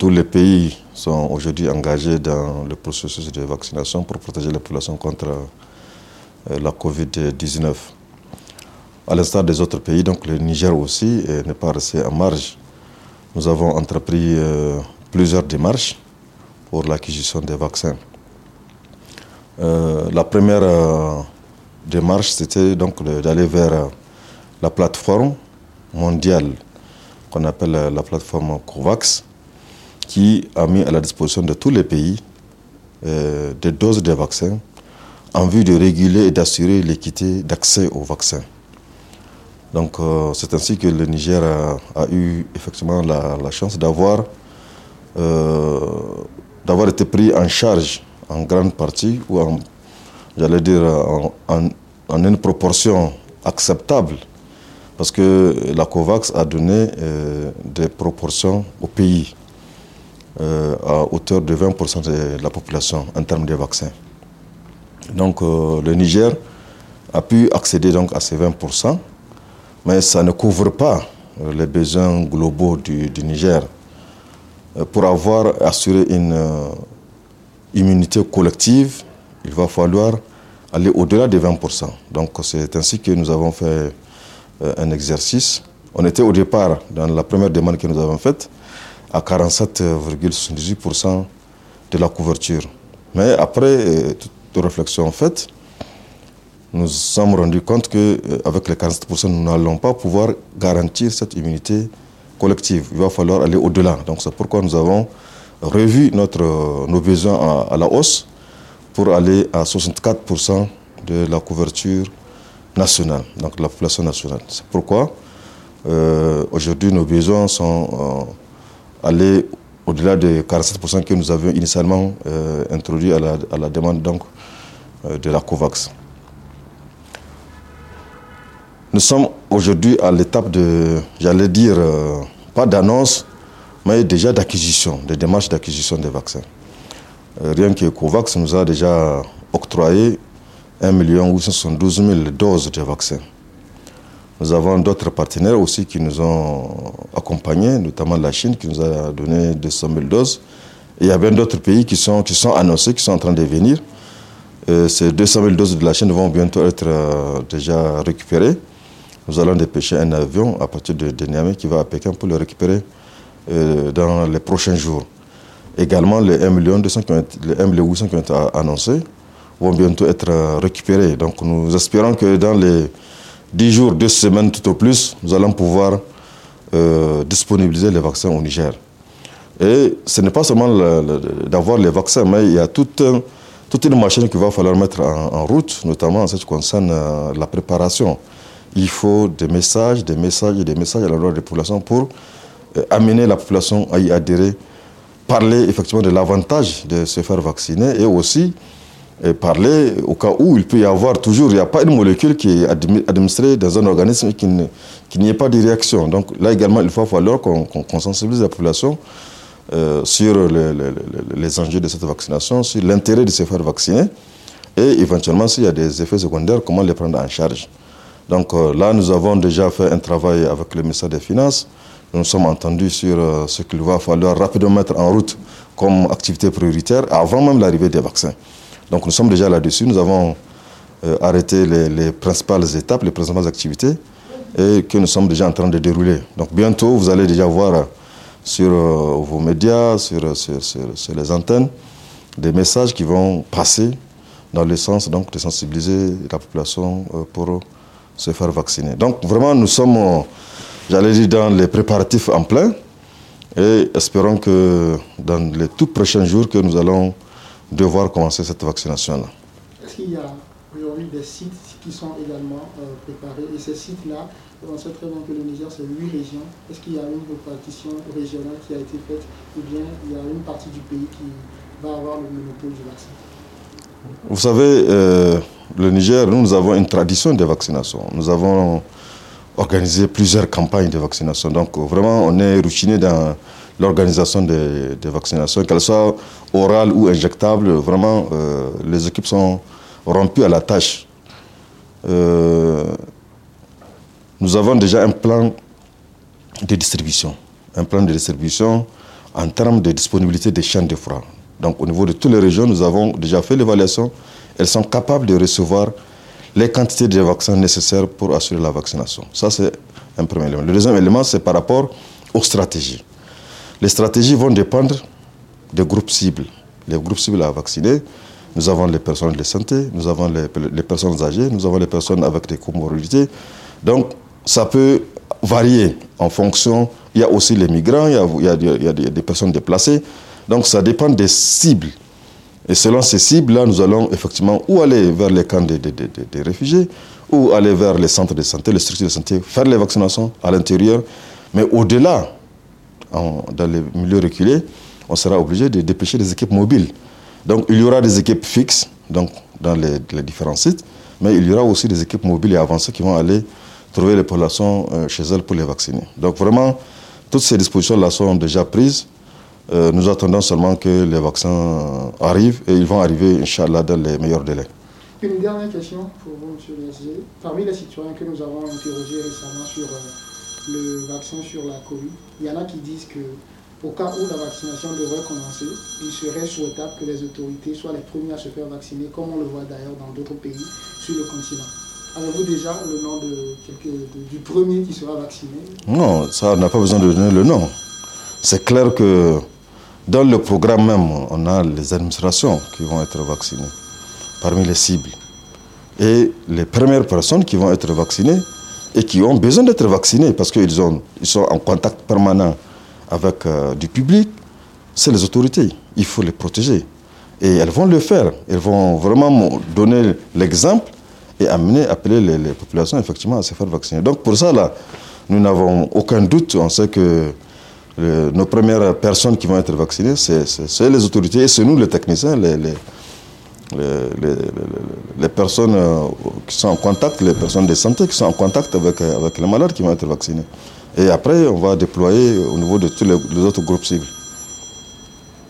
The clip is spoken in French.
Tous les pays sont aujourd'hui engagés dans le processus de vaccination pour protéger la population contre euh, la Covid-19. À l'instar des autres pays, donc le Niger aussi euh, n'est pas resté en marge. Nous avons entrepris euh, plusieurs démarches pour l'acquisition des vaccins. la première démarche, c'était donc d'aller vers la plateforme mondiale qu'on appelle la plateforme COVAX, qui a mis à la disposition de tous les pays euh, des doses de vaccins en vue de réguler et d'assurer l'équité d'accès aux vaccins. Donc euh, c'est ainsi que le Niger a, eu effectivement la, chance d'avoir euh, d'avoir été pris en charge en grande partie ou en j'allais dire en, une proportion acceptable parce que la COVAX a donné des proportions au pays. Euh, à hauteur de 20% de la population en termes de vaccins. Donc euh, le Niger a pu accéder donc à ces 20%, mais ça ne couvre pas euh, les besoins globaux du, du Niger. Pour avoir assuré une immunité collective, il va falloir aller au-delà des 20%. Donc c'est ainsi que nous avons fait un exercice. On était au départ dans la première demande que nous avons faite à 47,78% de la couverture. Mais après euh, toute réflexion en faite, nous nous sommes rendus compte qu'avec euh, les 47%, nous n'allons pas pouvoir garantir cette immunité collective. Il va falloir aller au-delà. Donc c'est pourquoi nous avons revu notre, euh, nos besoins à, la hausse pour aller à 64% de la couverture nationale, donc de la population nationale. C'est pourquoi aujourd'hui nos besoins sont aller au-delà des 47% que nous avions initialement introduits euh, introduit à la, demande donc, euh, de la COVAX. Nous sommes aujourd'hui à l'étape de, j'allais dire, euh, pas d'annonce, mais déjà d'acquisition, de démarches d'acquisition des vaccins. rien que COVAX nous a déjà octroyé 1 872 000 doses de vaccins. Nous avons d'autres partenaires aussi qui nous ont accompagnés, notamment la Chine qui nous a donné 200 000 doses. il y a bien d'autres pays qui sont, qui sont annoncés, qui sont en train de venir. Euh, ces 200 000 doses de la Chine vont bientôt être euh, déjà récupérées. Nous allons dépêcher un avion à partir de, de qui va à Pékin pour le récupérer euh, dans les prochains jours. Également, les 1 million 200 qui ont annoncés vont bientôt être récupérés. Donc nous espérons que dans les 10 jours, 2 semaines tout au plus, nous allons pouvoir euh, disponibiliser les vaccins au Niger. Et ce n'est pas seulement d'avoir les vaccins, mais il y a toute, euh, une machine qu'il va falloir mettre en, route, notamment en ce qui concerne euh, la préparation. Il faut des messages, des messages et des messages à la loi des populations pour amener la population à y adhérer, parler effectivement de l'avantage de se faire vacciner et aussi parler au cas où il peut y avoir toujours, il n'y a pas une molécule qui est administrée dans un organisme qui n'y ait pas de réaction. Donc là également, il va falloir qu'on sensibilise la population euh, sur les enjeux de cette vaccination, sur l'intérêt de se faire vacciner et éventuellement s'il y a des effets secondaires, comment les prendre en charge. Donc euh, là, nous avons déjà fait un travail avec le ministère des Finances. Nous nous sommes entendus sur euh, ce qu'il va falloir rapidement mettre en route comme activité prioritaire avant même l'arrivée des vaccins. Donc nous sommes déjà là-dessus. Nous avons euh, arrêté les, principales étapes, les principales activités et que nous sommes déjà en train de dérouler. Donc bientôt, vous allez déjà voir euh, sur euh, vos médias, sur, les antennes, des messages qui vont passer dans le sens donc, de sensibiliser la population pour se faire vacciner. Donc vraiment, nous sommes, j'allais dire, dans les préparatifs en plein et espérons que dans les tout prochains jours que nous allons devoir commencer cette vaccination-là. Est-ce qu'il y a aujourd'hui des sites qui sont également euh, préparés Et ces sites-là, on sait très bien que le Niger, c'est huit régions. Est-ce qu'il y a une répartition régionale qui a été faite Ou bien il y a une partie du pays qui va avoir le monopole du vaccin Vous savez, euh, le Niger, nous, nous avons une tradition de vaccination. Nous avons organisé plusieurs campagnes de vaccination. Donc vraiment, on est routiné dans l'organisation des, vaccinations, qu'elles soient orales ou injectables. Vraiment, euh, les équipes sont rompues à la tâche. Euh, nous avons déjà un plan de distribution, un plan de distribution en termes de disponibilité des chaînes de froid. Donc au niveau de toutes les régions, nous avons déjà fait l'évaluation. Elles sont capables de recevoir les quantités de vaccins nécessaires pour assurer la vaccination. Ça, c'est un premier élément. Le deuxième élément, c'est par rapport aux stratégies. Les stratégies vont dépendre des groupes cibles. Les groupes cibles à vacciner, nous avons les personnes de santé, nous avons les, personnes âgées, nous avons les personnes avec des comorbidités. Donc, ça peut varier en fonction. Il y a aussi les migrants, il y a, des personnes déplacées. Donc, ça dépend des cibles. Et selon ces cibles-là, nous allons effectivement ou aller vers les camps des, des réfugiés, ou aller vers les centres de santé, les structures de santé, faire les vaccinations à l'intérieur. Mais au-delà, dans les milieux reculés, on sera obligé de dépêcher des équipes mobiles. Donc il y aura des équipes fixes donc, dans les, différents sites, mais il y aura aussi des équipes mobiles et avancées qui vont aller trouver les populations euh, chez elles pour les vacciner. Donc vraiment, toutes ces dispositions-là sont déjà prises. Euh, nous attendons seulement que les vaccins euh, arrivent et ils vont arriver, Inch'Allah, dans les meilleurs délais. Une dernière question pour vous, M. Lazier. Parmi les citoyens que nous avons interrogés récemment sur le vaccin sur la Covid. Il y en a qui disent que au cas où la vaccination devrait commencer, il serait souhaitable que les autorités soient les premières à se faire vacciner, comme on le voit d'ailleurs dans d'autres pays sur le continent. Avez-vous déjà le nom de, du premier qui sera vacciné Non, ça n'a pas besoin de donner le nom. C'est clair que dans le programme même, on a les administrations qui vont être vaccinées, parmi les cibles. Et les premières personnes qui vont être vaccinées, et qui ont besoin d'être vaccinés parce qu'ils ils sont en contact permanent avec euh, du public, c'est les autorités. Il faut les protéger. Et elles vont le faire. Elles vont vraiment donner l'exemple et amener, appeler les, populations effectivement à se faire vacciner. Donc pour ça, là, nous n'avons aucun doute. On sait que euh, nos premières personnes qui vont être vaccinées, c'est les autorités et c'est nous, les techniciens, les, les, les, les, personnes euh, qui sont en contact, les personnes de santé qui sont en contact avec, euh, avec les malades qui vont être vaccinés. Et après, on va déployer au niveau de tous les autres groupes cibles.